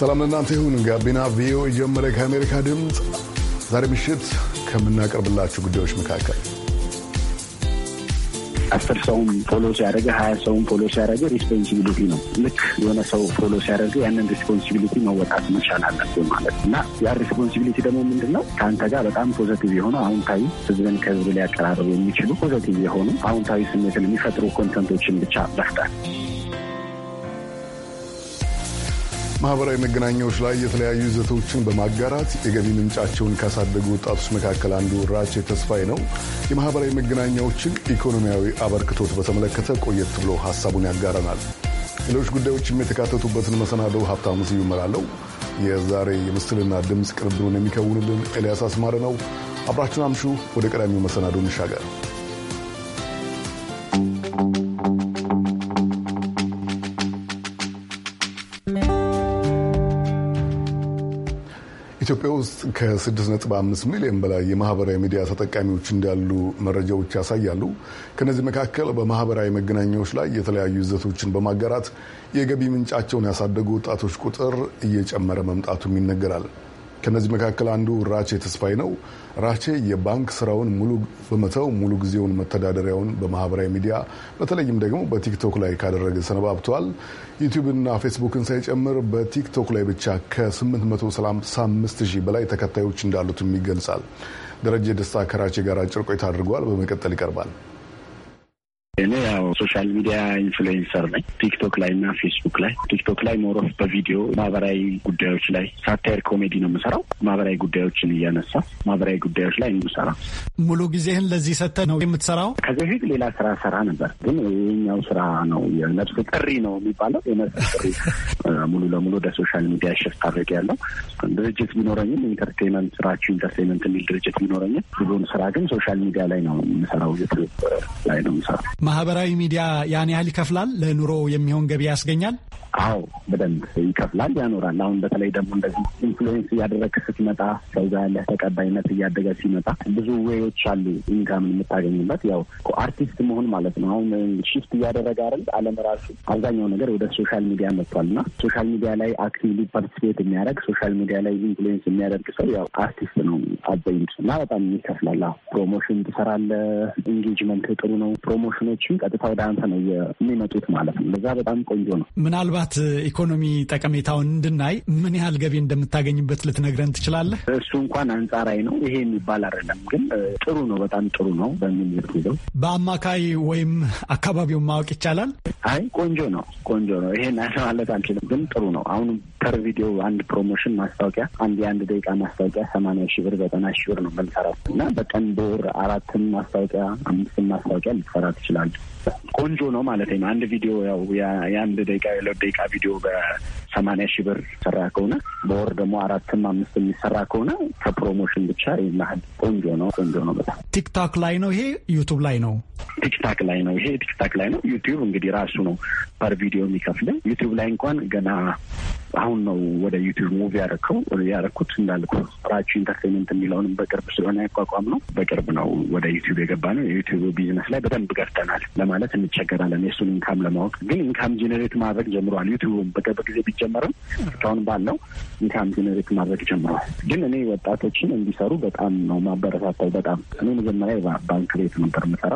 ሰላም ለእናንተ ይሁን። ጋቢና ቪኦኤ ጀመረ። ከአሜሪካ ድምፅ ዛሬ ምሽት ከምናቀርብላችሁ ጉዳዮች መካከል አስር ሰውም ፎሎ ሲያደረገ ሀያ ሰውም ፎሎ ሲያደረገ ሪስፖንሲቢሊቲ ነው። ልክ የሆነ ሰው ፎሎ ሲያደርገ ያንን ሪስፖንሲቢሊቲ መወጣት መቻል አለብን ማለት እና ያ ሪስፖንሲቢሊቲ ደግሞ ምንድን ነው? ከአንተ ጋር በጣም ፖዘቲቭ የሆኑ አሁንታዊ ህዝብን ከህዝብ ሊያቀራርቡ የሚችሉ ፖዘቲቭ የሆኑ አሁንታዊ ስሜትን የሚፈጥሩ ኮንተንቶችን ብቻ መፍጠር ማህበራዊ መገናኛዎች ላይ የተለያዩ ይዘቶችን በማጋራት የገቢ ምንጫቸውን ካሳደጉ ወጣቶች መካከል አንዱ ራቼ ተስፋዬ ነው። የማህበራዊ መገናኛዎችን ኢኮኖሚያዊ አበርክቶት በተመለከተ ቆየት ብሎ ሀሳቡን ያጋረናል። ሌሎች ጉዳዮችም የተካተቱበትን መሰናደው ሀብታሙ ስዩም እመራለሁ። የዛሬ የምስልና ድምፅ ቅንብሩን የሚከውንልን ኤልያስ አስማረ ነው። አብራችን አምሹ። ወደ ቀዳሚው መሰናዶ እንሻገር። ኢትዮጵያ ውስጥ ከ6.5 ሚሊዮን በላይ የማህበራዊ ሚዲያ ተጠቃሚዎች እንዳሉ መረጃዎች ያሳያሉ። ከነዚህ መካከል በማህበራዊ መገናኛዎች ላይ የተለያዩ ይዘቶችን በማጋራት የገቢ ምንጫቸውን ያሳደጉ ወጣቶች ቁጥር እየጨመረ መምጣቱም ይነገራል። ከነዚህ መካከል አንዱ ራቼ ተስፋዬ ነው። ራቼ የባንክ ስራውን ሙሉ በመተው ሙሉ ጊዜውን መተዳደሪያውን በማህበራዊ ሚዲያ በተለይም ደግሞ በቲክቶክ ላይ ካደረገ ሰነባብተዋል። ዩቲዩብና ፌስቡክን ሳይጨምር በቲክቶክ ላይ ብቻ ከ835 ሺህ በላይ ተከታዮች እንዳሉትም ይገልጻል። ደረጀ ደስታ ከራቼ ጋር አጭር ቆይታ አድርጓል። በመቀጠል ይቀርባል። እኔ ያው ሶሻል ሚዲያ ኢንፍሉዌንሰር ነኝ። ቲክቶክ ላይ እና ፌስቡክ ላይ ቲክቶክ ላይ ሞሮፍ በቪዲዮ ማህበራዊ ጉዳዮች ላይ ሳታየር ኮሜዲ ነው የምሰራው። ማህበራዊ ጉዳዮችን እያነሳ ማህበራዊ ጉዳዮች ላይ የምሰራ ሙሉ ጊዜህን ለዚህ ሰተህ ነው የምትሰራው? ከዚህ በፊት ሌላ ስራ ሰራ ነበር፣ ግን ይህኛው ስራ ነው የነፍስ ጥሪ ነው የሚባለው። የነፍስ ጥሪ ሙሉ ለሙሉ ወደ ሶሻል ሚዲያ ሽፍት አድርግ ያለው ድርጅት ቢኖረኝም ኢንተርቴንመንት ስራችሁ ኢንተርቴንመንት የሚል ድርጅት ቢኖረኝም ብዙውን ስራ ግን ሶሻል ሚዲያ ላይ ነው የምሰራው፣ ዩቱብ ላይ ነው የምሰራው። ማህበራዊ ሚዲያ ያን ያህል ይከፍላል? ለኑሮ የሚሆን ገቢ ያስገኛል? አዎ በደንብ ይከፍላል፣ ያኖራል። አሁን በተለይ ደግሞ እንደዚህ ኢንፍሉዌንስ እያደረግህ ስትመጣ ሰው ጋር ያለህ ተቀባይነት እያደገ ሲመጣ ብዙ ዌዎች አሉ ኢንካምን የምታገኝበት። ያው አርቲስት መሆን ማለት ነው። አሁን ሽፍት እያደረገ አይደል አለም ራሱ አብዛኛው ነገር ወደ ሶሻል ሚዲያ መጥቷል እና ሶሻል ሚዲያ ላይ አክቲቭሊ ፓርቲስፔት የሚያደርግ ሶሻል ሚዲያ ላይ ኢንፍሉዌንስ የሚያደርግ ሰው ያው አርቲስት ነው አዘኝ እና በጣም ይከፍላል። ፕሮሞሽን ትሰራለህ፣ ኢንጌጅመንት ጥሩ ነው። ፕሮሞሽኖ ጥያቄዎችን ቀጥታ ወደ አንተ ነው የሚመጡት ማለት ነው። ለዛ በጣም ቆንጆ ነው። ምናልባት ኢኮኖሚ ጠቀሜታውን እንድናይ ምን ያህል ገቢ እንደምታገኝበት ልትነግረን ትችላለህ? እሱ እንኳን አንጻራዊ ነው። ይሄ የሚባል አይደለም፣ ግን ጥሩ ነው፣ በጣም ጥሩ ነው በሚል በአማካይ ወይም አካባቢውን ማወቅ ይቻላል። አይ ቆንጆ ነው፣ ቆንጆ ነው። ይሄን ማለት አልችልም፣ ግን ጥሩ ነው። አሁን ፐር ቪዲዮ አንድ ፕሮሞሽን ማስታወቂያ አንድ የአንድ ደቂቃ ማስታወቂያ ሰማንያ ሺህ ብር ዘጠና ሺህ ብር ነው የምንሰራው እና በቀን በወር አራትን ማስታወቂያ አምስትን ማስታወቂያ ልትሰራ ትችላል ይሆናል። ቆንጆ ነው ማለት ነው። አንድ ቪዲዮ ያው የአንድ ደቂቃ የሁለት ደቂቃ ቪዲዮ በሰማንያ ሺህ ብር ሰራ ከሆነ በወር ደግሞ አራትም አምስት የሚሰራ ከሆነ ከፕሮሞሽን ብቻ ይናህል ቆንጆ ነው። ቆንጆ ነው በጣም ቲክታክ ላይ ነው ይሄ ዩቱብ ላይ ነው። ቲክታክ ላይ ነው ይሄ ቲክታክ ላይ ነው። ዩቲዩብ እንግዲህ ራሱ ነው ፐር ቪዲዮ የሚከፍልን ዩቲዩብ ላይ እንኳን ገና አሁን ነው ወደ ዩቲዩብ ሙቪ ያረከው ያረኩት እንዳልኩ ራቹ ኢንተርቴንመንት የሚለውንም በቅርብ ስለሆነ ያቋቋም ነው በቅርብ ነው ወደ ዩቲዩብ የገባ ነው። የዩቲዩብ ቢዝነስ ላይ በደንብ ገፍተናል ለማለት እንቸገራለን። የእሱን ኢንካም ለማወቅ ግን ኢንካም ጄኔሬት ማድረግ ጀምሯል። ዩቲዩብም በቅርብ ጊዜ ቢጀመርም እስካሁን ባለው ኢንካም ጄኔሬት ማድረግ ጀምሯል። ግን እኔ ወጣቶችን እንዲሰሩ በጣም ነው ማበረታታው። በጣም እኔ መጀመሪያ ባንክ ቤት ነበር ምሰራ።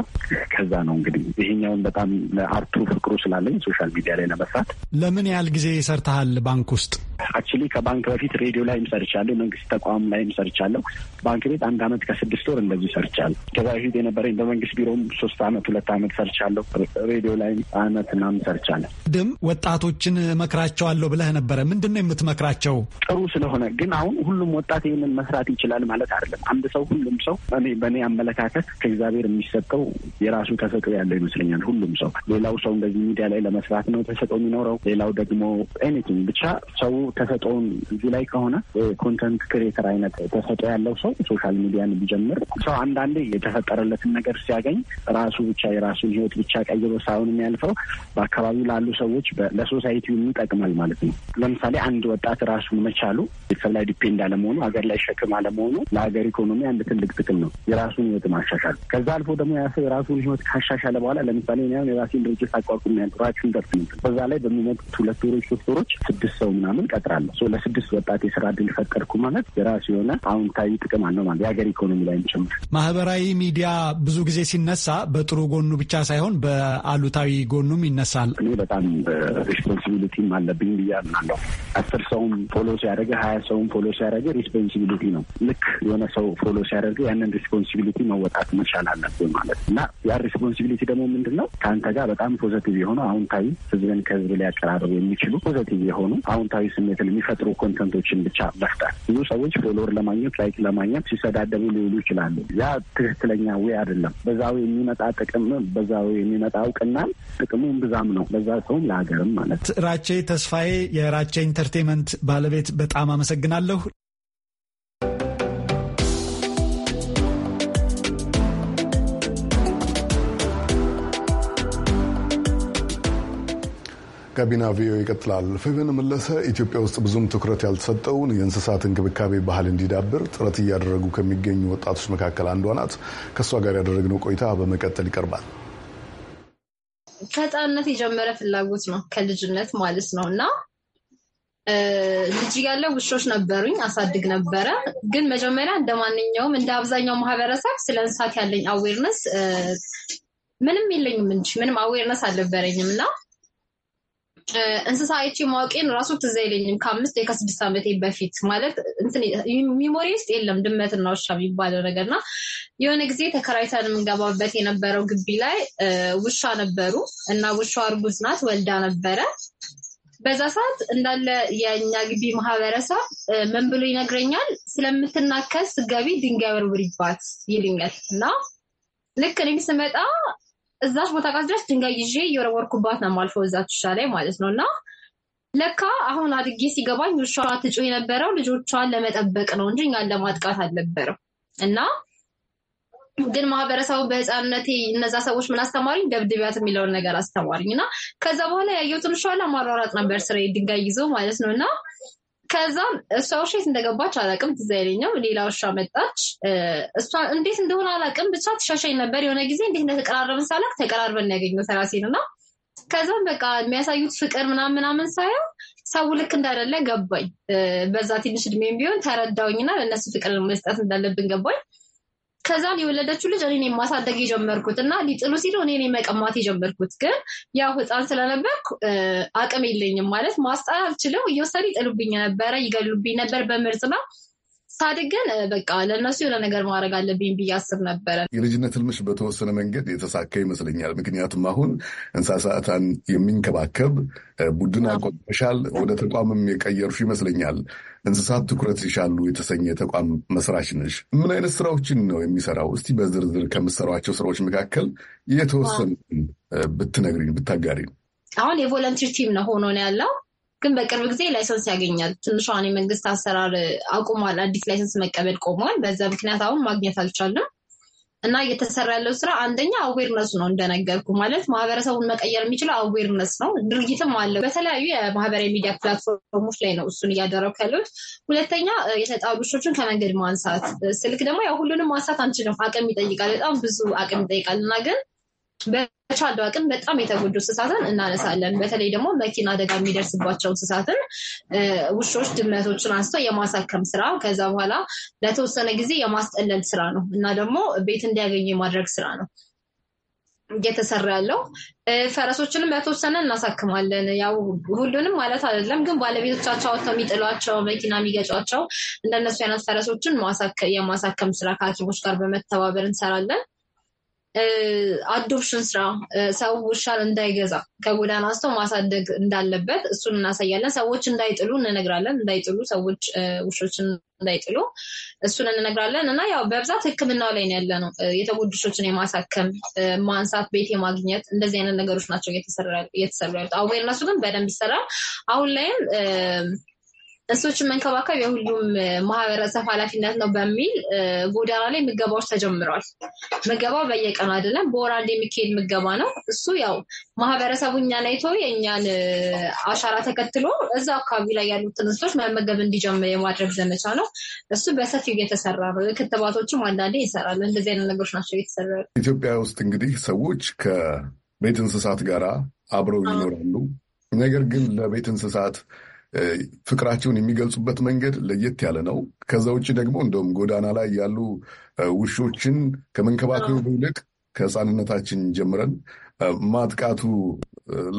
ከዛ ነው እንግዲህ ይሄኛውን በጣም ለአርቱ ፍቅሩ ስላለኝ ሶሻል ሚዲያ ላይ ለመስራት ለምን ያህል ጊዜ ሰርተሃል? ባንክ ባንክ ውስጥ? አክቹሊ ከባንክ በፊት ሬዲዮ ላይም ሰርቻለሁ፣ መንግስት ተቋም ላይም ሰርቻለሁ። ባንክ ቤት አንድ አመት ከስድስት ወር እንደዚህ ሰርቻለሁ። ከዛ በፊት የነበረኝ በመንግስት ቢሮም ሶስት አመት ሁለት አመት ሰርቻለሁ። ሬዲዮ ላይም አመት ምናምን ሰርቻለሁ። ድም ወጣቶችን እመክራቸዋለሁ ብለህ ነበረ። ምንድን ነው የምትመክራቸው? ጥሩ ስለሆነ ግን አሁን ሁሉም ወጣት ይህንን መስራት ይችላል ማለት አይደለም። አንድ ሰው ሁሉም ሰው እኔ በእኔ አመለካከት ከእግዚአብሔር የሚሰጠው የራሱ ተሰጥኦ ያለው ይመስለኛል። ሁሉም ሰው ሌላው ሰው እንደዚህ ሚዲያ ላይ ለመስራት ነው ተሰጥኦ የሚኖረው። ሌላው ደግሞ ኤኒቲንግ ብቻ ሰው ተሰጦውን እዚህ ላይ ከሆነ ኮንተንት ክሬተር አይነት ተሰጦ ያለው ሰው ሶሻል ሚዲያን ቢጀምር ሰው አንዳንዴ የተፈጠረለትን ነገር ሲያገኝ ራሱ ብቻ የራሱን ህይወት ብቻ ቀይሮ ሳይሆን የሚያልፈው በአካባቢው ላሉ ሰዎች ለሶሳይቲው ይጠቅማል ማለት ነው። ለምሳሌ አንድ ወጣት ራሱን መቻሉ ቤተሰብ ላይ ዲፔንድ አለመሆኑ፣ ሀገር ላይ ሸክም አለመሆኑ ለሀገር ኢኮኖሚ አንድ ትልቅ ጥቅም ነው። የራሱን ህይወት ማሻሻል። ከዛ አልፎ ደግሞ ያ ሰው የራሱን ህይወት ካሻሻለ በኋላ ለምሳሌ ሁን የራሴን ድርጅት አቋቁም ያል ራችን ደርስ በዛ ላይ በሚመጡት ሁለት ወሮች ሶስት ወሮች ስድስት ሰው ምናምን ቀጥራለሁ። ለስድስት ወጣት የስራ እድል ፈጠርኩ ማለት የራሱ የሆነ አውንታዊ ጥቅም አለው ማለት የሀገር ኢኮኖሚ ላይ ጭምር። ማህበራዊ ሚዲያ ብዙ ጊዜ ሲነሳ በጥሩ ጎኑ ብቻ ሳይሆን በአሉታዊ ጎኑም ይነሳል። እኔ በጣም ሪስፖንሲቢሊቲም አለብኝ ብዬ አምናለሁ። አስር ሰውም ፎሎ ሲያደርገ ሀያ ሰውም ፎሎ ሲያደርገ ሪስፖንሲቢሊቲ ነው። ልክ የሆነ ሰው ፎሎ ሲያደርገ ያንን ሪስፖንሲቢሊቲ መወጣት መቻል አለብን ማለት እና ያ ሪስፖንሲቢሊቲ ደግሞ ምንድን ነው? ከአንተ ጋር በጣም ፖዘቲቭ የሆኑ አዎንታዊ ህዝብን ከህዝብ ሊያቀራርቡ የሚችሉ ፖዘቲቭ የሆኑ አዎንታዊ ስሜትን የሚፈጥሩ ኮንተንቶችን ብቻ መፍጠር። ብዙ ሰዎች ፎሎወር ለማግኘት ላይክ ለማግኘት ሲሰዳደቡ ሊውሉ ይችላሉ። ያ ትክክለኛ ዌ አይደለም። በዛው የሚመጣ ጥቅም በዛው የሚመጣ እውቅናን ጥቅሙን ብዛም ነው በዛ ሰውም ለሀገርም ማለት። ራቼ ተስፋዬ የራቼ ኢንተርቴንመንት ባለቤት በጣም አመሰግናለሁ። ጋቢና ቪኦኤ ይቀጥላል። ፌቨን መለሰ ኢትዮጵያ ውስጥ ብዙም ትኩረት ያልተሰጠውን የእንስሳት እንክብካቤ ባህል እንዲዳብር ጥረት እያደረጉ ከሚገኙ ወጣቶች መካከል አንዷ ናት። ከእሷ ጋር ያደረግነው ቆይታ በመቀጠል ይቀርባል። ከህፃንነት የጀመረ ፍላጎት ነው፣ ከልጅነት ማለት ነው እና ልጅ ያለ ውሾች ነበሩኝ፣ አሳድግ ነበረ። ግን መጀመሪያ እንደ ማንኛውም እንደ አብዛኛው ማህበረሰብ ስለ እንስሳት ያለኝ አዌርነስ ምንም የለኝም እንጂ ምንም አዌርነስ አልነበረኝም እና እንስሳ አይቼ ማወቄን ራሱ ትዝ አይለኝም። ከአምስት ወይ ከስድስት ዓመቴ በፊት ማለት ሚሞሪ ውስጥ የለም ድመትና ውሻ የሚባለው ነገር እና የሆነ ጊዜ ተከራይተን የምንገባበት የነበረው ግቢ ላይ ውሻ ነበሩ እና ውሻ እርጉዝ ናት ወልዳ ነበረ። በዛ ሰዓት እንዳለ የእኛ ግቢ ማህበረሰብ ምን ብሎ ይነግረኛል? ስለምትናከስ ገቢ ድንጋይ ወርውሪባት ይልኛል እና ልክ እኔም ስመጣ እዛች ቦታ ጋር ድረስ ድንጋይ ይዤ እየወረወርኩባት ነው የማልፈው እዛች ውሻ ላይ ማለት ነው። እና ለካ አሁን አድጌ ሲገባኝ ውሻ ትጮ የነበረው ልጆቿን ለመጠበቅ ነው እንጂ እኛን ለማጥቃት አልነበረም። እና ግን ማህበረሰቡ በህፃንነቴ እነዛ ሰዎች ምን አስተማሪኝ፣ ደብድቢያት የሚለውን ነገር አስተማሪኝ። እና ከዛ በኋላ ያየሁትን ውሻ ለማሯሯጥ ነበር ስራ ድንጋይ ይዞ ማለት ነው እና ከዛም እሷ ውሻ እንደገባች አላቅም። ትዝ አይለኝም። ሌላ ውሻ መጣች። እሷ እንዴት እንደሆነ አላቅም፣ ብቻ ትሻሻኝ ነበር። የሆነ ጊዜ እንዴት እንደተቀራረብን ሳላቅ ተቀራርበን ያገኘሁት ራሴን እና ከዛም በቃ የሚያሳዩት ፍቅር ምናምን ምናምን ሳየው ሰው ልክ እንዳደለ ገባኝ። በዛ ትንሽ እድሜም ቢሆን ተረዳውኝና ለእነሱ ፍቅር መስጠት እንዳለብን ገባኝ። ከዛን የወለደችው ልጅ እኔ ማሳደግ የጀመርኩት እና ሊጥሉ ሲሉ እኔ መቀማት የጀመርኩት ግን ያው ህፃን ስለነበርኩ አቅም የለኝም ማለት ማስጣል አልችልም። እየወሰዱ ይጥሉብኝ ነበረ፣ ይገሉብኝ ነበር። በምርጥ ነው ሳድግ ግን በቃ ለእነሱ የሆነ ነገር ማድረግ አለብኝ ብዬ አስብ ነበረ። የልጅነት ህልምሽ በተወሰነ መንገድ የተሳካ ይመስለኛል። ምክንያቱም አሁን እንስሳትን የሚንከባከብ ቡድን አቋቁመሻል፣ ወደ ተቋምም የቀየርሹ ይመስለኛል። እንስሳት ትኩረት ይሻሉ የተሰኘ ተቋም መስራች ነሽ። ምን አይነት ስራዎችን ነው የሚሰራው? እስቲ በዝርዝር ከምትሰሯቸው ስራዎች መካከል የተወሰኑ ብትነግሪን፣ ብታጋሪን። አሁን የቮለንቲር ቲም ነው ሆኖ ነው ያለው ግን በቅርብ ጊዜ ላይሰንስ ያገኛል። ትንሿን የመንግስት አሰራር አቁሟል። አዲስ ላይሰንስ መቀበል ቆሟል። በዛ ምክንያት አሁን ማግኘት አልቻለም እና እየተሰራ ያለው ስራ አንደኛ አዌርነሱ ነው። እንደነገርኩ ማለት ማህበረሰቡን መቀየር የሚችለው አዌርነስ ነው። ድርጊትም አለው። በተለያዩ የማህበራዊ ሚዲያ ፕላትፎርሞች ላይ ነው እሱን እያደረኩ ያለሁት። ሁለተኛ የተጣሉ ውሾችን ከመንገድ ማንሳት። ስልክ ደግሞ ያው ሁሉንም ማንሳት አንችልም፣ አቅም ይጠይቃል። በጣም ብዙ አቅም ይጠይቃል እና ግን በቻልነው አቅም በጣም የተጎዱ እንስሳትን እናነሳለን። በተለይ ደግሞ መኪና አደጋ የሚደርስባቸው እንስሳትን ውሾች፣ ድመቶችን አንስተው የማሳከም ስራ ከዛ በኋላ ለተወሰነ ጊዜ የማስጠለል ስራ ነው እና ደግሞ ቤት እንዲያገኙ የማድረግ ስራ ነው እየተሰራ ያለው። ፈረሶችንም በተወሰነ እናሳክማለን። ያው ሁሉንም ማለት አይደለም፣ ግን ባለቤቶቻቸው አውጥተው የሚጥሏቸው መኪና የሚገጫቸው እንደነሱ አይነት ፈረሶችን የማሳከም ስራ ከሐኪሞች ጋር በመተባበር እንሰራለን። አዶፕሽን ስራ ሰው ውሻን እንዳይገዛ ከጎዳና አንስቶ ማሳደግ እንዳለበት እሱን እናሳያለን። ሰዎች እንዳይጥሉ እንነግራለን። እንዳይጥሉ ሰዎች ውሾችን እንዳይጥሉ እሱን እንነግራለን እና ያው በብዛት ሕክምናው ላይ ያለ ነው። የተጎዱ ውሾችን የማሳከም ማንሳት፣ ቤት የማግኘት እንደዚህ አይነት ነገሮች ናቸው እየተሰሩ ያሉት። አዌርነሱ ግን በደንብ ይሰራል። አሁን ላይም እንስሶችን መንከባከብ የሁሉም ማህበረሰብ ኃላፊነት ነው በሚል ጎዳና ላይ ምገባዎች ተጀምረዋል። ምገባው በየቀኑ አይደለም፣ በወር አንድ የሚካሄድ ምገባ ነው። እሱ ያው ማህበረሰቡ እኛን አይቶ የእኛን አሻራ ተከትሎ እዛ አካባቢ ላይ ያሉትን እንስሶች መመገብ እንዲጀምር የማድረግ ዘመቻ ነው። እሱ በሰፊው እየተሰራ ነው። ክትባቶችም አንዳንዴ ይሰራሉ። እንደዚህ አይነት ነገሮች ናቸው እየተሰራ ኢትዮጵያ ውስጥ እንግዲህ ሰዎች ከቤት እንስሳት ጋር አብረው ይኖራሉ። ነገር ግን ለቤት እንስሳት ፍቅራቸውን የሚገልጹበት መንገድ ለየት ያለ ነው። ከዛ ውጭ ደግሞ እንደውም ጎዳና ላይ ያሉ ውሾችን ከመንከባከቡ ይልቅ ከህፃንነታችን ጀምረን ማጥቃቱ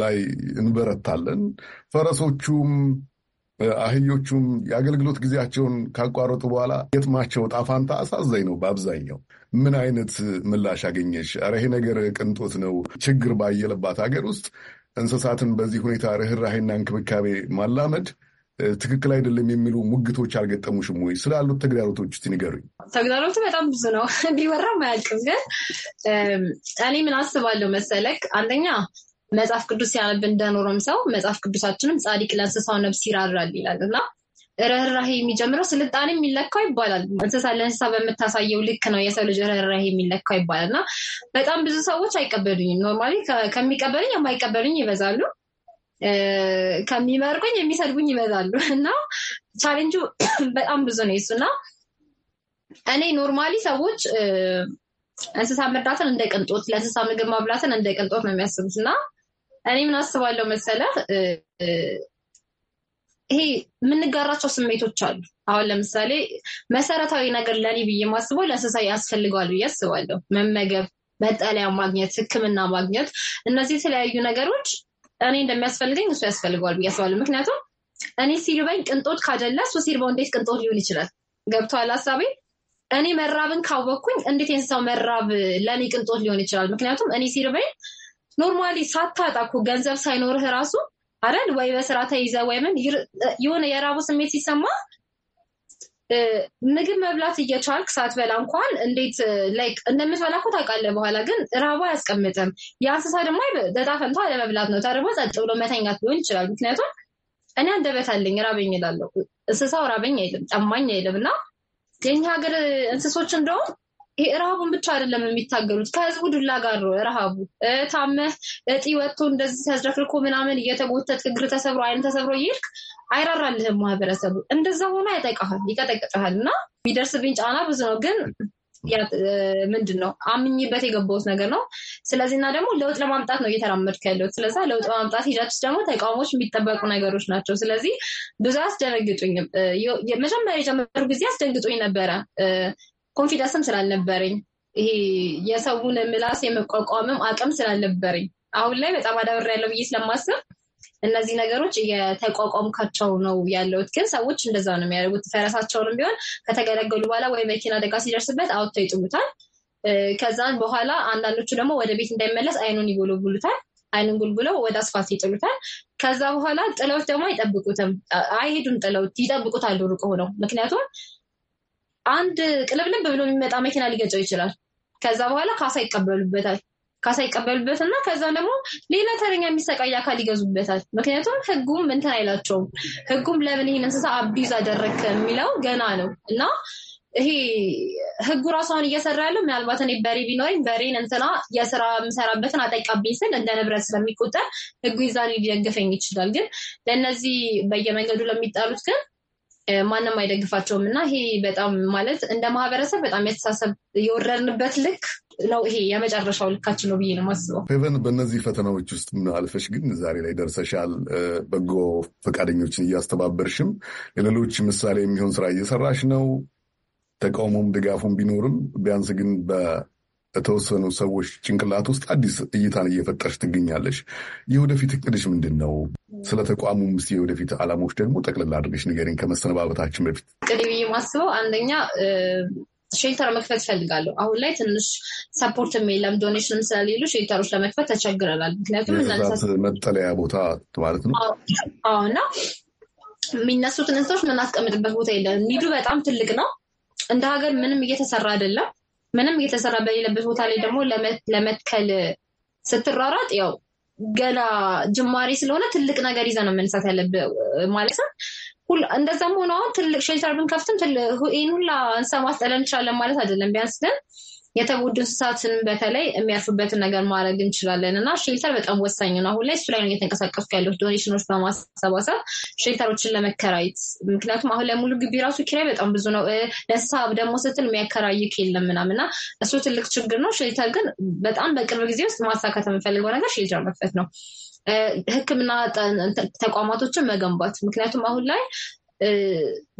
ላይ እንበረታለን። ፈረሶቹም አህዮቹም የአገልግሎት ጊዜያቸውን ካቋረጡ በኋላ የጥማቸው ጣፋንታ አሳዛኝ ነው። በአብዛኛው ምን አይነት ምላሽ አገኘሽ? ኧረ ይሄ ነገር ቅንጦት ነው። ችግር ባየለባት ሀገር ውስጥ እንስሳትን በዚህ ሁኔታ ርኅራሄና እንክብካቤ ማላመድ ትክክል አይደለም የሚሉ ሙግቶች አልገጠሙሽም ወይ? ስላሉት ተግዳሮቶች እስኪ ንገሩኝ። ተግዳሮቱ በጣም ብዙ ነው፣ ቢወራ አያልቅም። ግን እኔ ምን አስባለሁ መሰለክ፣ አንደኛ መጽሐፍ ቅዱስ ሲያነብ እንደኖረም ሰው መጽሐፍ ቅዱሳችንም ጻድቅ ለእንስሳው ነብስ ይራራል ይላል እና ርኅራሄ የሚጀምረው ስልጣኔ የሚለካው ይባላል። እንስሳ ለእንስሳ በምታሳየው ልክ ነው የሰው ልጅ ርኅራሄ የሚለካው ይባላል እና በጣም ብዙ ሰዎች አይቀበሉኝም። ኖርማሊ ከሚቀበሉኝ የማይቀበሉኝ ይበዛሉ፣ ከሚመርቁኝ የሚሰድቡኝ ይበዛሉ እና ቻሌንጁ በጣም ብዙ ነው እና እኔ ኖርማሊ ሰዎች እንስሳ መርዳትን እንደ ቅንጦት፣ ለእንስሳ ምግብ ማብላትን እንደ ቅንጦት ነው የሚያስቡት እና እኔ ምን አስባለሁ መሰለህ ይሄ የምንጋራቸው ስሜቶች አሉ። አሁን ለምሳሌ መሰረታዊ ነገር ለኔ ብዬ ማስበው ለእንስሳ ያስፈልገዋል ብዬ አስባለሁ። መመገብ፣ መጠለያ ማግኘት፣ ሕክምና ማግኘት፣ እነዚህ የተለያዩ ነገሮች እኔ እንደሚያስፈልገኝ እሱ ያስፈልገዋል ብዬ አስባለሁ። ምክንያቱም እኔ ሲርበኝ ቅንጦት ካደላ እሱ ሲርበው እንዴት ቅንጦት ሊሆን ይችላል? ገብቶሃል ሀሳቤ? እኔ መራብን ካወቅኩኝ እንዴት የእንስሳው መራብ ለእኔ ቅንጦት ሊሆን ይችላል? ምክንያቱም እኔ ሲርበኝ ኖርማሊ ሳታጣኩ ገንዘብ ሳይኖርህ ራሱ አይደል ወይ በስራ ተይዘ ወይ ምን የሆነ የራቡ ስሜት ሲሰማ ምግብ መብላት እየቻልክ ሳትበላ እንኳን እንዴት ላይክ እንደምትበላ እኮ ታውቃለህ። በኋላ ግን ራቡ አያስቀምጥም። የእንስሳ ደግሞ በጣ ፈንታ ለመብላት ነው። ተርቦ ጸጥ ብሎ መተኛት ሊሆን ይችላል። ምክንያቱም እኔ አንደበት አለኝ ራበኝ እላለሁ። እንስሳው ራበኝ አይልም፣ ጠማኝ አይልም። እና የኛ ሀገር እንስሶች እንደውም ይሄ ረሃቡን ብቻ አይደለም የሚታገሉት፣ ከህዝቡ ዱላ ጋር ነው ረሃቡ። ታመህ እጢ ወጥቶ እንደዚህ ተዝረፍርኮ ምናምን እየተጎተት እግር ተሰብሮ አይን ተሰብሮ ይልክ አይራራልህም ማህበረሰቡ። እንደዛ ሆኖ ያጠቃሃል፣ ይቀጠቅጥሃል። እና የሚደርስብኝ ጫና ብዙ ነው ግን ምንድን ነው አምኝበት የገባሁት ነገር ነው። ስለዚህ እና ደግሞ ለውጥ ለማምጣት ነው እየተራመድክ ያለሁት። ስለዚ ለውጥ ለማምጣት ሂደት ደግሞ ተቃውሞች የሚጠበቁ ነገሮች ናቸው። ስለዚህ ብዙ አያስደነግጡኝም። መጀመሪያ የጀመሩ ጊዜ አስደንግጦኝ ነበረ። ኮንፊደንስም ስላልነበረኝ ይሄ የሰውን ምላስ የመቋቋምም አቅም ስላልነበረኝ አሁን ላይ በጣም አዳብሬ ያለው ብዬ ስለማስብ እነዚህ ነገሮች እየተቋቋምካቸው ነው ያለውት። ግን ሰዎች እንደዛ ነው የሚያደርጉት። ፈረሳቸውንም ቢሆን ከተገለገሉ በኋላ ወይ መኪና አደጋ ሲደርስበት አውጥተው ይጥሉታል። ከዛን በኋላ አንዳንዶቹ ደግሞ ወደ ቤት እንዳይመለስ አይኑን ይጎለጉሉታል። አይኑን ጉልጉለው ወደ አስፋልት ይጥሉታል። ከዛ በኋላ ጥለውት ደግሞ አይጠብቁትም፣ አይሄዱም። ጥለውት ይጠብቁታል ሩቅ ሆነው። ምክንያቱም አንድ ቅልብልም ብሎ የሚመጣ መኪና ሊገጫው ይችላል። ከዛ በኋላ ካሳ ይቀበሉበታል። ካሳ ይቀበሉበት እና ከዛ ደግሞ ሌላ ተረኛ የሚሰቃይ አካል ይገዙበታል። ምክንያቱም ህጉም እንትን አይላቸውም። ህጉም ለምን ይህን እንስሳ አቢዝ አደረግከ የሚለው ገና ነው እና ይሄ ህጉ ራሷን እየሰራ ያለው ምናልባት እኔ በሬ ቢኖረኝ በሬን እንትና የስራ የምሰራበትን አጠቃብኝ ስል እንደ ንብረት ስለሚቆጠር ህጉ ይዛ ሊደግፈኝ ይችላል። ግን ለእነዚህ በየመንገዱ ለሚጣሉት ግን ማንም አይደግፋቸውም እና ይሄ በጣም ማለት እንደ ማህበረሰብ በጣም የተሳሰብ የወረድንበት ልክ ነው። ይሄ የመጨረሻው ልካችን ነው ብዬ ነው ማስበው። ሄቨን፣ በእነዚህ ፈተናዎች ውስጥ አልፈሽ ግን ዛሬ ላይ ደርሰሻል። በጎ ፈቃደኞችን እያስተባበርሽም ለሌሎች ምሳሌ የሚሆን ስራ እየሰራሽ ነው። ተቃውሞም ድጋፉም ቢኖርም ቢያንስ ግን በተወሰኑ ሰዎች ጭንቅላት ውስጥ አዲስ እይታን እየፈጠረች ትገኛለሽ። የወደፊት እቅድሽ ምንድን ነው? ስለ ተቋሙ ምስ የወደፊት አላማዎች ደግሞ ጠቅልላ አድርገሽ ንገሪኝ። ከመሰነባበታችን በፊት ቅድ ብዬ ማስበው አንደኛ ሼልተር መክፈት እፈልጋለሁ። አሁን ላይ ትንሽ ሰፖርትም የለም፣ ዶኔሽንም ስለሌሉ ሼልተሮች ለመክፈት ተቸግረናል። ምክንያቱም መጠለያ ቦታ ማለት ነው እና የሚነሱትን እንስሳዎች ምናስቀምጥበት ቦታ የለም። ኒዱ በጣም ትልቅ ነው። እንደ ሀገር ምንም እየተሰራ አይደለም። ምንም እየተሰራ በሌለበት ቦታ ላይ ደግሞ ለመትከል ስትራራጥ ያው ገና ጅማሬ ስለሆነ ትልቅ ነገር ይዘ ነው መነሳት ያለብ ማለት ነው። እንደዛም ሆኖ አሁን ትልቅ ሼልተር ብንከፍትም ይህን ሁላ እንስሳ ማስጠለል እንችላለን ማለት አይደለም። ቢያንስ ግን የተጎዱ እንስሳትን በተለይ የሚያርፉበትን ነገር ማድረግ እንችላለን እና ሼልተር በጣም ወሳኝ ነው። አሁን ላይ እሱ ላይ ነው እየተንቀሳቀሱ ያለው ዶኔሽኖች በማሰባሰብ ሼልተሮችን ለመከራየት ምክንያቱም አሁን ላይ ሙሉ ግቢ ራሱ ኪራይ በጣም ብዙ ነው። ለእንስሳ ደግሞ ስትል የሚያከራይክ የለም ምናምን እና እሱ ትልቅ ችግር ነው። ሼልተር ግን በጣም በቅርብ ጊዜ ውስጥ ማሳካት የምንፈልገው ነገር ሼልተር መክፈት ነው። ሕክምና ተቋማቶችን መገንባት ምክንያቱም አሁን ላይ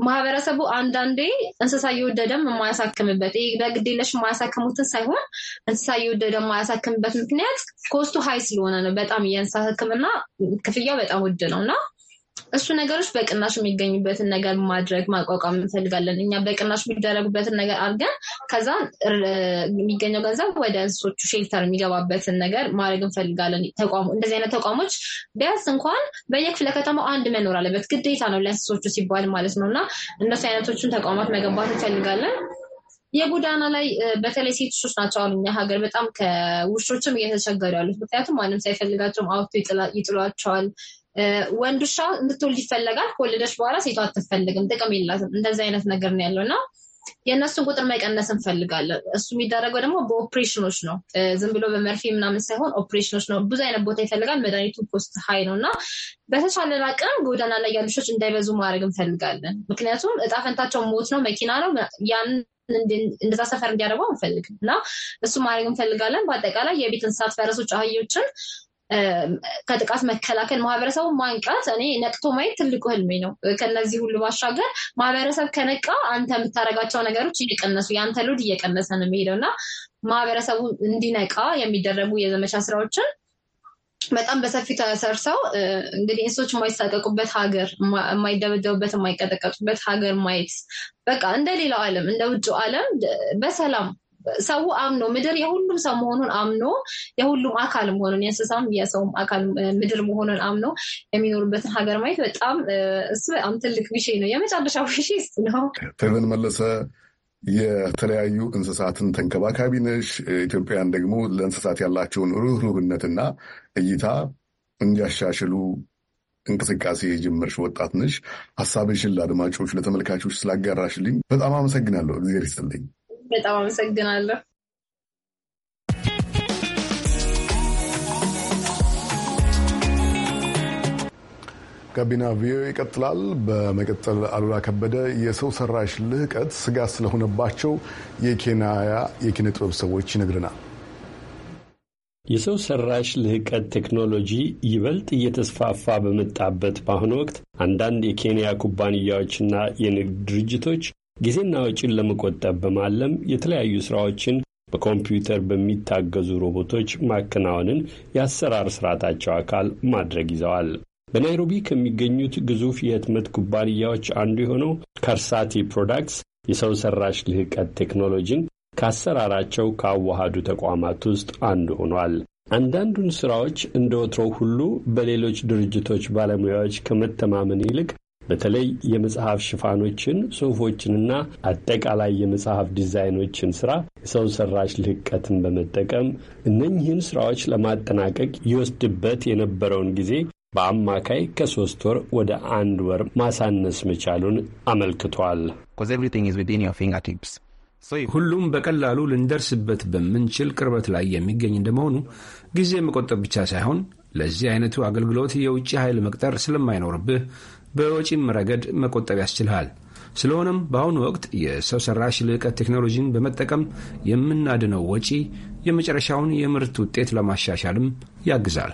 ማህበረሰቡ አንዳንዴ እንስሳ እየወደደም የማያሳክምበት ይህ በግዴለሽ የማያሳክሙትን ሳይሆን እንስሳ እየወደደ የማያሳክምበት ምክንያት ኮስቱ ሀይ ስለሆነ ነው። በጣም የእንስሳ ሕክምና ክፍያው በጣም ውድ ነው እና እሱ ነገሮች በቅናሽ የሚገኙበትን ነገር ማድረግ ማቋቋም እንፈልጋለን። እኛ በቅናሽ የሚደረጉበትን ነገር አድርገን ከዛ የሚገኘው ገንዘብ ወደ እንስሶቹ ሼልተር የሚገባበትን ነገር ማድረግ እንፈልጋለን። ተቋሙ እንደዚህ አይነት ተቋሞች ቢያንስ እንኳን በየክፍለ ከተማው አንድ መኖር አለበት፣ ግዴታ ነው ለእንስሶቹ ሲባል ማለት ነው። እና እነሱ አይነቶቹን ተቋማት መገንባት እንፈልጋለን። የጎዳና ላይ በተለይ ሴት ውሾች ናቸው አሉ እኛ ሀገር በጣም ከውሾችም እየተቸገሩ ያሉት፣ ምክንያቱም ማንም ሳይፈልጋቸውም አውቶ ይጥሏቸዋል። ወንዱሻ ውሻ እንድትወልድ ይፈለጋል። ከወለደች በኋላ ሴቷ አትፈልግም፣ ጥቅም የላትም። እንደዚህ አይነት ነገር ነው ያለው እና የእነሱን ቁጥር መቀነስ እንፈልጋለን። እሱ የሚደረገው ደግሞ በኦፕሬሽኖች ነው፣ ዝም ብሎ በመርፌ ምናምን ሳይሆን ኦፕሬሽኖች ነው። ብዙ አይነት ቦታ ይፈልጋል። መድኃኒቱ ኮስት ሀይ ነው እና በተቻለን አቅም ጎዳና ላይ ያሉ እንዳይበዙ ማድረግ እንፈልጋለን። ምክንያቱም እጣፈንታቸው ሞት ነው፣ መኪና ነው። ያን እንደዛ ሰፈር እንዲያደርገው አንፈልግም እና እሱ ማድረግ እንፈልጋለን። በአጠቃላይ የቤት እንስሳት ፈረሶች፣ አህዮችን ከጥቃት መከላከል ማህበረሰቡ ማንቃት እኔ ነቅቶ ማየት ትልቁ ህልሜ ነው። ከነዚህ ሁሉ ባሻገር ማህበረሰብ ከነቃ አንተ የምታደርጋቸው ነገሮች እየቀነሱ የአንተ ሎድ እየቀነሰ ነው የሚሄደው እና ማህበረሰቡ እንዲነቃ የሚደረጉ የዘመቻ ስራዎችን በጣም በሰፊው ተሰርሰው እንግዲህ እንስሶች የማይሳቀቁበት ሀገር፣ የማይደበደቡበት፣ የማይቀጠቀጡበት ሀገር ማየት በቃ እንደ ሌላው ዓለም እንደ ውጭ ዓለም በሰላም ሰው አምኖ ምድር የሁሉም ሰው መሆኑን አምኖ የሁሉም አካል መሆኑን የእንስሳም የሰውም አካል ምድር መሆኑን አምኖ የሚኖሩበትን ሀገር ማየት በጣም እሱ በጣም ትልቅ ቢሼ ነው። የመጨረሻ ቢሼ እሱ ነው። ፌቨን መለሰ የተለያዩ እንስሳትን ተንከባካቢ ነሽ። ኢትዮጵያን ደግሞ ለእንስሳት ያላቸውን ርኅሩህነትና እይታ እንዲያሻሽሉ እንቅስቃሴ የጀመርሽ ወጣት ነሽ። ሀሳብሽን ለአድማጮች ለተመልካቾች ስላጋራሽልኝ በጣም አመሰግናለሁ። እግዚአብሔር ይስጥልኝ። በጣም አመሰግናለሁ። ጋቢና ቪኦኤ ይቀጥላል። በመቀጠል አሉላ ከበደ የሰው ሰራሽ ልህቀት ስጋት ስለሆነባቸው የኬንያ የኪነ ጥበብ ሰዎች ይነግረናል። የሰው ሰራሽ ልህቀት ቴክኖሎጂ ይበልጥ እየተስፋፋ በመጣበት በአሁኑ ወቅት አንዳንድ የኬንያ ኩባንያዎችና የንግድ ድርጅቶች ጊዜና ወጪን ለመቆጠብ በማለም የተለያዩ ስራዎችን በኮምፒውተር በሚታገዙ ሮቦቶች ማከናወንን የአሰራር ስርዓታቸው አካል ማድረግ ይዘዋል። በናይሮቢ ከሚገኙት ግዙፍ የህትመት ኩባንያዎች አንዱ የሆነው ከርሳቲ ፕሮዳክትስ የሰው ሰራሽ ልህቀት ቴክኖሎጂን ከአሰራራቸው ካዋሃዱ ተቋማት ውስጥ አንዱ ሆኗል። አንዳንዱን ስራዎች እንደ ወትሮው ሁሉ በሌሎች ድርጅቶች ባለሙያዎች ከመተማመን ይልቅ በተለይ የመጽሐፍ ሽፋኖችን ጽሑፎችንና አጠቃላይ የመጽሐፍ ዲዛይኖችን ስራ ሰው ሰራሽ ልህቀትን በመጠቀም እነኝህን ስራዎች ለማጠናቀቅ ይወስድበት የነበረውን ጊዜ በአማካይ ከሶስት ወር ወደ አንድ ወር ማሳነስ መቻሉን አመልክቷል። ሁሉም በቀላሉ ልንደርስበት በምንችል ቅርበት ላይ የሚገኝ እንደመሆኑ ጊዜ መቆጠብ ብቻ ሳይሆን ለዚህ አይነቱ አገልግሎት የውጭ ኃይል መቅጠር ስለማይኖርብህ በወጪም ረገድ መቆጠብ ያስችልሃል። ስለሆነም በአሁኑ ወቅት የሰው ሰራሽ ልዕቀት ቴክኖሎጂን በመጠቀም የምናድነው ወጪ የመጨረሻውን የምርት ውጤት ለማሻሻልም ያግዛል።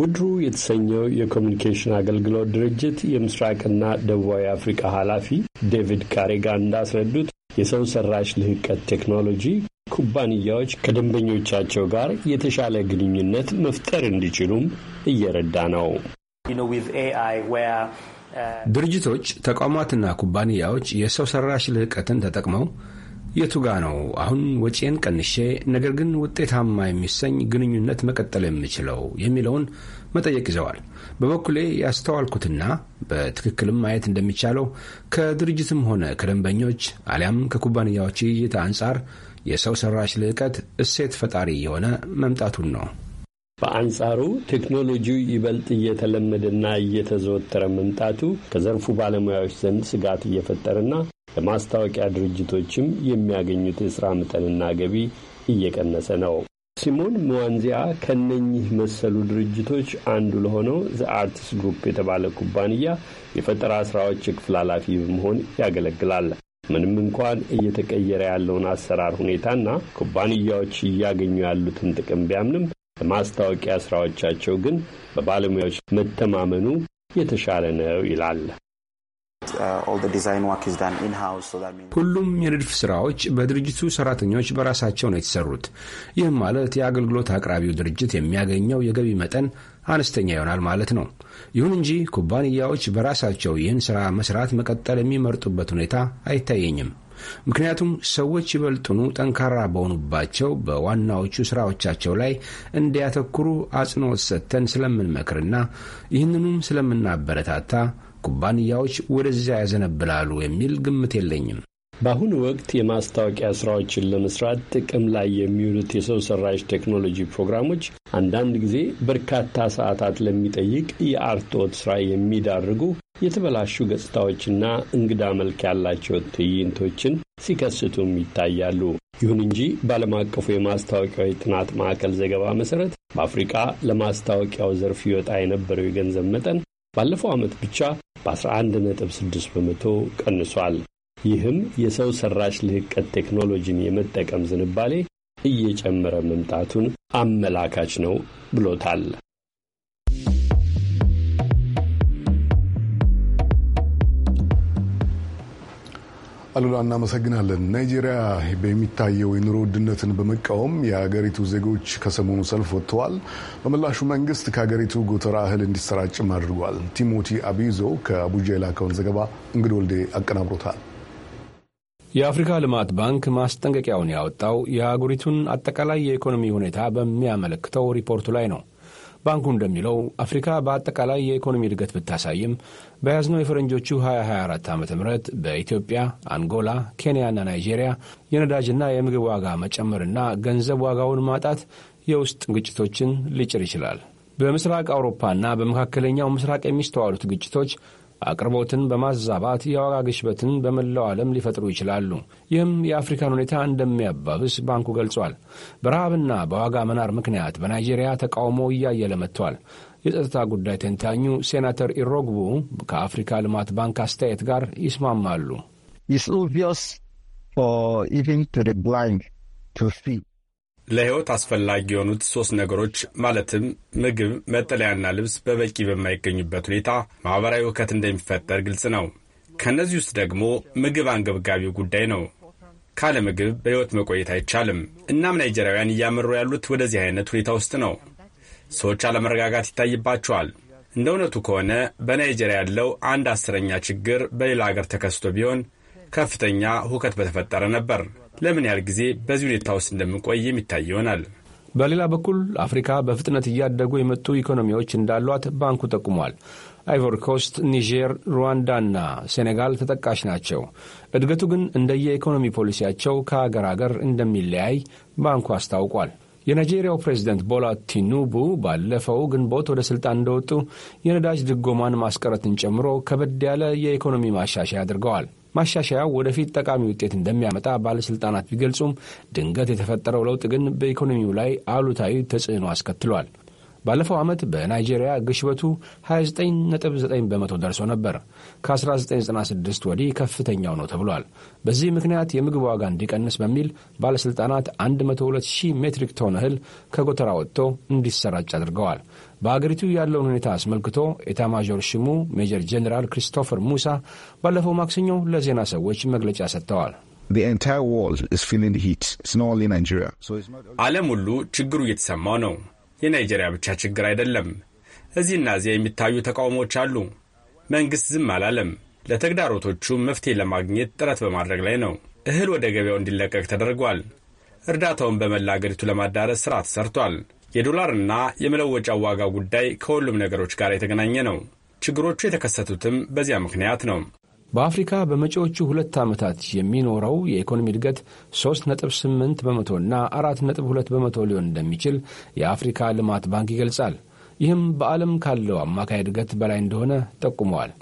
ውድሩ የተሰኘው የኮሚኒኬሽን አገልግሎት ድርጅት የምስራቅና ደቡባዊ አፍሪካ ኃላፊ ዴቪድ ካሬጋ እንዳስረዱት የሰው ሰራሽ ልህቀት ቴክኖሎጂ ኩባንያዎች ከደንበኞቻቸው ጋር የተሻለ ግንኙነት መፍጠር እንዲችሉም እየረዳ ነው። ድርጅቶች፣ ተቋማትና ኩባንያዎች የሰው ሰራሽ ልህቀትን ተጠቅመው የቱጋ ነው አሁን ወጪን ቀንሼ ነገር ግን ውጤታማ የሚሰኝ ግንኙነት መቀጠል የምችለው የሚለውን መጠየቅ ይዘዋል። በበኩሌ ያስተዋልኩትና በትክክልም ማየት እንደሚቻለው ከድርጅትም ሆነ ከደንበኞች አሊያም ከኩባንያዎች እይታ አንጻር የሰው ሰራሽ ልዕቀት እሴት ፈጣሪ የሆነ መምጣቱን ነው። በአንጻሩ ቴክኖሎጂው ይበልጥ እየተለመደና እየተዘወተረ መምጣቱ ከዘርፉ ባለሙያዎች ዘንድ ስጋት እየፈጠረና ለማስታወቂያ ድርጅቶችም የሚያገኙት የሥራ መጠንና ገቢ እየቀነሰ ነው። ሲሞን መዋንዚያ ከነኚህ መሰሉ ድርጅቶች አንዱ ለሆነው ዘ አርቲስት ግሩፕ የተባለ ኩባንያ የፈጠራ ስራዎች ክፍል ኃላፊ በመሆን ያገለግላል። ምንም እንኳን እየተቀየረ ያለውን አሰራር ሁኔታና ኩባንያዎች እያገኙ ያሉትን ጥቅም ቢያምንም ማስታወቂያ ስራዎቻቸው ግን በባለሙያዎች መተማመኑ የተሻለ ነው ይላል። uh, ሁሉም የንድፍ ስራዎች በድርጅቱ ሰራተኞች በራሳቸው ነው የተሰሩት። ይህም ማለት የአገልግሎት አቅራቢው ድርጅት የሚያገኘው የገቢ መጠን አነስተኛ ይሆናል ማለት ነው። ይሁን እንጂ ኩባንያዎች በራሳቸው ይህን ስራ መስራት መቀጠል የሚመርጡበት ሁኔታ አይታየኝም። ምክንያቱም ሰዎች ይበልጥኑ ጠንካራ በሆኑባቸው በዋናዎቹ ስራዎቻቸው ላይ እንዲያተኩሩ አጽንኦት ሰጥተን ስለምንመክርና ይህንኑም ስለምናበረታታ ኩባንያዎች ወደዚያ ያዘነብላሉ የሚል ግምት የለኝም። በአሁኑ ወቅት የማስታወቂያ ስራዎችን ለመስራት ጥቅም ላይ የሚውሉት የሰው ሰራሽ ቴክኖሎጂ ፕሮግራሞች አንዳንድ ጊዜ በርካታ ሰዓታት ለሚጠይቅ የአርትዖት ስራ የሚዳርጉ የተበላሹ ገጽታዎችና እንግዳ መልክ ያላቸው ትዕይንቶችን ሲከስቱም ይታያሉ። ይሁን እንጂ በዓለም አቀፉ የማስታወቂያ ጥናት ማዕከል ዘገባ መሠረት በአፍሪቃ ለማስታወቂያው ዘርፍ ይወጣ የነበረው የገንዘብ መጠን ባለፈው ዓመት ብቻ በ11.6 በመቶ ቀንሷል። ይህም የሰው ሰራሽ ልህቀት ቴክኖሎጂን የመጠቀም ዝንባሌ እየጨመረ መምጣቱን አመላካች ነው ብሎታል። አሉላ እናመሰግናለን። ናይጄሪያ በሚታየው የኑሮ ውድነትን በመቃወም የሀገሪቱ ዜጎች ከሰሞኑ ሰልፍ ወጥተዋል። በምላሹ መንግስት ከሀገሪቱ ጎተራ እህል እንዲሰራጭም አድርጓል። ቲሞቲ አቢዞ ከአቡጃ የላከውን ዘገባ እንግድ ወልዴ አቀናብሮታል። የአፍሪካ ልማት ባንክ ማስጠንቀቂያውን ያወጣው የአህጉሪቱን አጠቃላይ የኢኮኖሚ ሁኔታ በሚያመለክተው ሪፖርቱ ላይ ነው። ባንኩ እንደሚለው አፍሪካ በአጠቃላይ የኢኮኖሚ እድገት ብታሳይም በያዝነው የፈረንጆቹ 2024 ዓ ም በኢትዮጵያ፣ አንጎላ፣ ኬንያና ናይጄሪያ የነዳጅና የምግብ ዋጋ መጨመርና ገንዘብ ዋጋውን ማጣት የውስጥ ግጭቶችን ሊጭር ይችላል። በምስራቅ አውሮፓና በመካከለኛው ምስራቅ የሚስተዋሉት ግጭቶች አቅርቦትን በማዛባት የዋጋ ግሽበትን በመላው ዓለም ሊፈጥሩ ይችላሉ። ይህም የአፍሪካን ሁኔታ እንደሚያባብስ ባንኩ ገልጿል። በረሃብና በዋጋ መናር ምክንያት በናይጄሪያ ተቃውሞ እያየለ መጥቷል። የጸጥታ ጉዳይ ተንታኙ ሴናተር ኢሮግቡ ከአፍሪካ ልማት ባንክ አስተያየት ጋር ይስማማሉ። ለሕይወት አስፈላጊ የሆኑት ሦስት ነገሮች ማለትም ምግብ፣ መጠለያና ልብስ በበቂ በማይገኙበት ሁኔታ ማኅበራዊ ውከት እንደሚፈጠር ግልጽ ነው። ከእነዚህ ውስጥ ደግሞ ምግብ አንገብጋቢው ጉዳይ ነው። ካለ ምግብ በሕይወት መቆየት አይቻልም። እናም ናይጄሪያውያን እያመሩ ያሉት ወደዚህ አይነት ሁኔታ ውስጥ ነው። ሰዎች አለመረጋጋት ይታይባቸዋል። እንደ እውነቱ ከሆነ በናይጄሪያ ያለው አንድ አስረኛ ችግር በሌላ አገር ተከስቶ ቢሆን ከፍተኛ ሁከት በተፈጠረ ነበር። ለምን ያህል ጊዜ በዚህ ሁኔታ ውስጥ እንደምንቆይ የሚታይ ይሆናል። በሌላ በኩል አፍሪካ በፍጥነት እያደጉ የመጡ ኢኮኖሚዎች እንዳሏት ባንኩ ጠቁሟል። አይቮሪ ኮስት፣ ኒጀር፣ ሩዋንዳና ሴኔጋል ተጠቃሽ ናቸው። እድገቱ ግን እንደየኢኮኖሚ ፖሊሲያቸው ከአገር አገር እንደሚለያይ ባንኩ አስታውቋል። የናይጄሪያው ፕሬዝደንት ቦላ ቲኑቡ ባለፈው ግንቦት ወደ ስልጣን እንደወጡ የነዳጅ ድጎማን ማስቀረትን ጨምሮ ከበድ ያለ የኢኮኖሚ ማሻሻያ አድርገዋል። ማሻሻያው ወደፊት ጠቃሚ ውጤት እንደሚያመጣ ባለሥልጣናት ቢገልጹም ድንገት የተፈጠረው ለውጥ ግን በኢኮኖሚው ላይ አሉታዊ ተጽዕኖ አስከትሏል። ባለፈው ዓመት በናይጄሪያ ግሽበቱ 29.9 በመቶ ደርሶ ነበር። ከ1996 ወዲህ ከፍተኛው ነው ተብሏል። በዚህ ምክንያት የምግብ ዋጋ እንዲቀንስ በሚል ባለሥልጣናት 102 ሜትሪክ ቶን እህል ከጎተራ ወጥቶ እንዲሰራጭ አድርገዋል። በአገሪቱ ያለውን ሁኔታ አስመልክቶ ማዦር ሽሙ ሜጀር ጀኔራል ክሪስቶፈር ሙሳ ባለፈው ማክሰኞ ለዜና ሰዎች መግለጫ ሰጥተዋል። ዓለም ሁሉ ችግሩ እየተሰማው ነው። የናይጄሪያ ብቻ ችግር አይደለም። እዚህና እዚያ የሚታዩ ተቃውሞዎች አሉ። መንግሥት ዝም አላለም። ለተግዳሮቶቹ መፍትሄ ለማግኘት ጥረት በማድረግ ላይ ነው። እህል ወደ ገበያው እንዲለቀቅ ተደርጓል። እርዳታውን በመላ አገሪቱ ለማዳረስ ሥራ ተሰርቷል። የዶላርና የመለወጫ ዋጋ ጉዳይ ከሁሉም ነገሮች ጋር የተገናኘ ነው። ችግሮቹ የተከሰቱትም በዚያ ምክንያት ነው። በአፍሪካ በመጪዎቹ ሁለት ዓመታት የሚኖረው የኢኮኖሚ እድገት 3.8 በመቶና 4.2 በመቶ ሊሆን እንደሚችል የአፍሪካ ልማት ባንክ ይገልጻል። ይህም በዓለም ካለው አማካይ እድገት በላይ እንደሆነ ጠቁመዋል።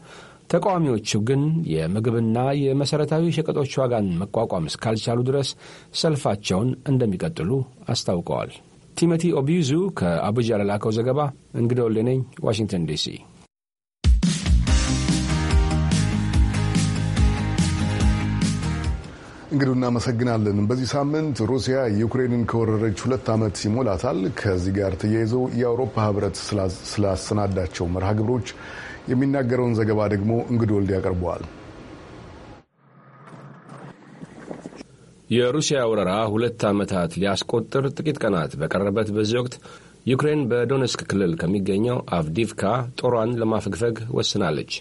ተቃዋሚዎቹ ግን የምግብና የመሠረታዊ ሸቀጦች ዋጋን መቋቋም እስካልቻሉ ድረስ ሰልፋቸውን እንደሚቀጥሉ አስታውቀዋል። ቲሞቲ ኦቢዙ ከአቡጃ ለላከው ዘገባ። እንግዳ ወልዴ ነኝ፣ ዋሽንግተን ዲሲ። እንግዲህ እናመሰግናለን። በዚህ ሳምንት ሩሲያ ዩክሬንን ከወረረች ሁለት ዓመት ይሞላታል። ከዚህ ጋር ተያይዘው የአውሮፓ ሕብረት ስላሰናዳቸው መርሃ ግብሮች የሚናገረውን ዘገባ ደግሞ እንግዶ ወልድ ያቀርበዋል። የሩሲያ ወረራ ሁለት ዓመታት ሊያስቆጥር ጥቂት ቀናት በቀረበት በዚህ ወቅት ዩክሬን በዶኔስክ ክልል ከሚገኘው አቭዲቭካ ጦሯን ለማፈግፈግ ወስናለች።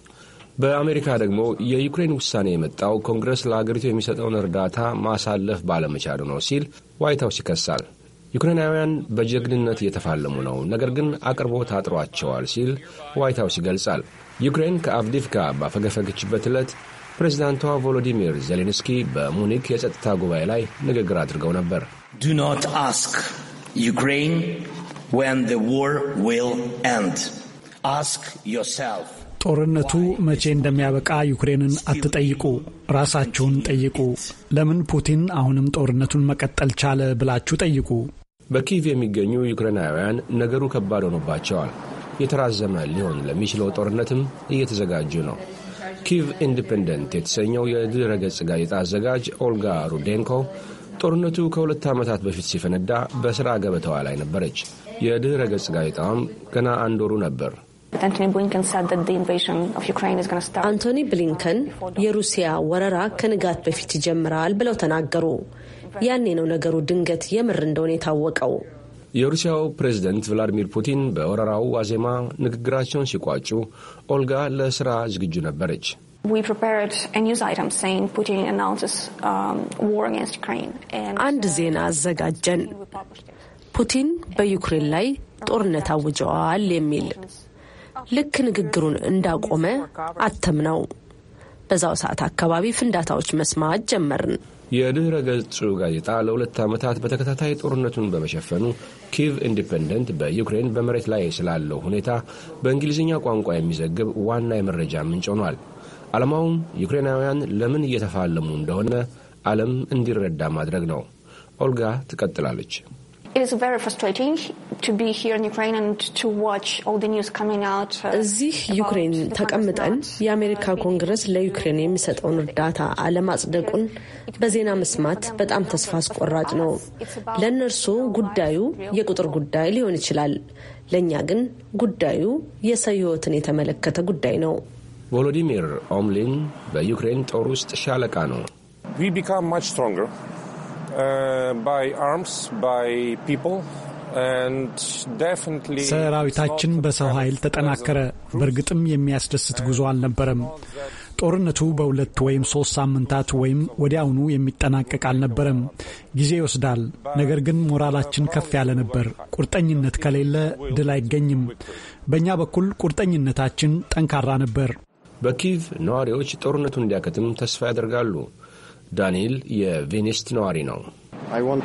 በአሜሪካ ደግሞ የዩክሬን ውሳኔ የመጣው ኮንግረስ ለአገሪቱ የሚሰጠውን እርዳታ ማሳለፍ ባለመቻሉ ነው ሲል ዋይት ሀውስ ይከሳል። ዩክሬናውያን በጀግንነት እየተፋለሙ ነው፣ ነገር ግን አቅርቦት አጥሯቸዋል ሲል ዋይት ሀውስ ይገልጻል። ዩክሬን ከአቭዲቭካ ባፈገፈገችበት ዕለት ፕሬዚዳንቷ ቮሎዲሚር ዜሌንስኪ በሙኒክ የጸጥታ ጉባኤ ላይ ንግግር አድርገው ነበር። ዱ ኖት አስክ ዩክሬን ወን ዘ ዋር ዊል ኤንድ አስክ ዮርሰልፍ ጦርነቱ መቼ እንደሚያበቃ ዩክሬንን አትጠይቁ፣ ራሳችሁን ጠይቁ። ለምን ፑቲን አሁንም ጦርነቱን መቀጠል ቻለ ብላችሁ ጠይቁ። በኪቭ የሚገኙ ዩክሬናውያን ነገሩ ከባድ ሆኖባቸዋል። የተራዘመ ሊሆን ለሚችለው ጦርነትም እየተዘጋጁ ነው። ኪቭ ኢንዲፐንደንት የተሰኘው ገጽ ጋዜጣ አዘጋጅ ኦልጋ ሩዴንኮ ጦርነቱ ከሁለት ዓመታት በፊት ሲፈነዳ በሥራ ገበታዋ ላይ ነበረች። የድኅረ ገጽ ጋዜጣውም ገና አንድ ወሩ ነበር። አንቶኒ ብሊንከን የሩሲያ ወረራ ከንጋት በፊት ይጀምራል ብለው ተናገሩ። ያኔ ነው ነገሩ ድንገት የምር እንደሆነ የታወቀው። የሩሲያው ፕሬዝደንት ቭላዲሚር ፑቲን በወረራው ዋዜማ ንግግራቸውን ሲቋጩ ኦልጋ ለስራ ዝግጁ ነበረች። um, አንድ uh, ዜና አዘጋጀን። ፑቲን በዩክሬን ላይ ጦርነት አውጀዋል የሚል ልክ ንግግሩን እንዳቆመ አተም ነው። በዛው ሰዓት አካባቢ ፍንዳታዎች መስማት ጀመርን። የድኅረ ገጹ ጋዜጣ ለሁለት ዓመታት በተከታታይ ጦርነቱን በመሸፈኑ ኪቭ ኢንዲፐንደንት በዩክሬን በመሬት ላይ ስላለው ሁኔታ በእንግሊዝኛ ቋንቋ የሚዘግብ ዋና የመረጃ ምንጭ ሆኗል። ዓላማውም ዩክሬናውያን ለምን እየተፋለሙ እንደሆነ ዓለም እንዲረዳ ማድረግ ነው። ኦልጋ ትቀጥላለች። Uh, እዚህ ዩክሬን ተቀምጠን የአሜሪካ uh, ኮንግረስ ለዩክሬን የሚሰጠውን እርዳታ አለማጽደቁን በዜና መስማት በጣም ተስፋ አስቆራጭ ነው። ለእነርሱ ጉዳዩ የቁጥር ጉዳይ ሊሆን ይችላል። ለእኛ ግን ጉዳዩ የሰው ሕይወትን የተመለከተ ጉዳይ ነው። ቮሎዲሚር ኦምሊን በዩክሬን ጦር ውስጥ ሻለቃ ነው። Uh, ሰራዊታችን በሰው ኃይል ተጠናከረ። በእርግጥም የሚያስደስት ጉዞ አልነበረም። ጦርነቱ በሁለት ወይም ሶስት ሳምንታት ወይም ወዲያውኑ የሚጠናቀቅ አልነበረም። ጊዜ ይወስዳል። ነገር ግን ሞራላችን ከፍ ያለ ነበር። ቁርጠኝነት ከሌለ ድል አይገኝም። በእኛ በኩል ቁርጠኝነታችን ጠንካራ ነበር። በኪቭ ነዋሪዎች ጦርነቱን እንዲያከትም ተስፋ ያደርጋሉ። ዳንኤል የቬኔስት ነዋሪ ነው። uh,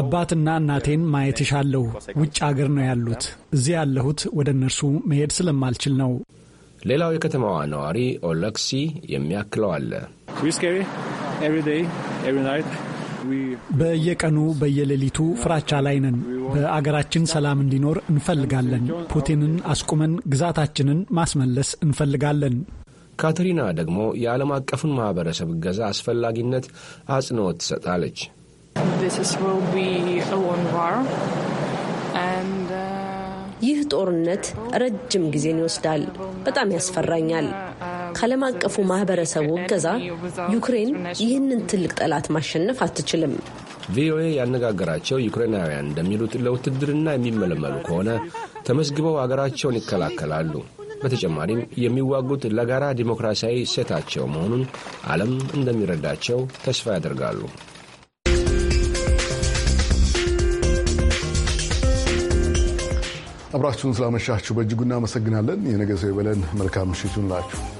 አባትና እናቴን ማየት እሻለሁ። ውጭ አገር ነው ያሉት። እዚህ ያለሁት ወደ እነርሱ መሄድ ስለማልችል ነው። ሌላው የከተማዋ ነዋሪ ኦለክሲ የሚያክለው አለ። በየቀኑ በየሌሊቱ ፍራቻ ላይ ነን። በአገራችን ሰላም እንዲኖር እንፈልጋለን። ፑቲንን አስቁመን ግዛታችንን ማስመለስ እንፈልጋለን። ካትሪና ደግሞ የዓለም አቀፉን ማኅበረሰብ እገዛ አስፈላጊነት አጽንኦት ትሰጣለች። uh, ይህ ጦርነት ረጅም ጊዜን ይወስዳል። በጣም ያስፈራኛል። ከዓለም አቀፉ ማኅበረሰቡ እገዛ ዩክሬን ይህንን ትልቅ ጠላት ማሸነፍ አትችልም። ቪኦኤ ያነጋገራቸው ዩክሬናውያን እንደሚሉት ለውትድርና የሚመለመሉ ከሆነ ተመዝግበው አገራቸውን ይከላከላሉ። በተጨማሪም የሚዋጉት ለጋራ ዲሞክራሲያዊ እሴታቸው መሆኑን ዓለም እንደሚረዳቸው ተስፋ ያደርጋሉ። አብራችሁን ስላመሻችሁ በእጅጉ እናመሰግናለን። የነገ ሰው ይበለን። መልካም ምሽቱን ላችሁ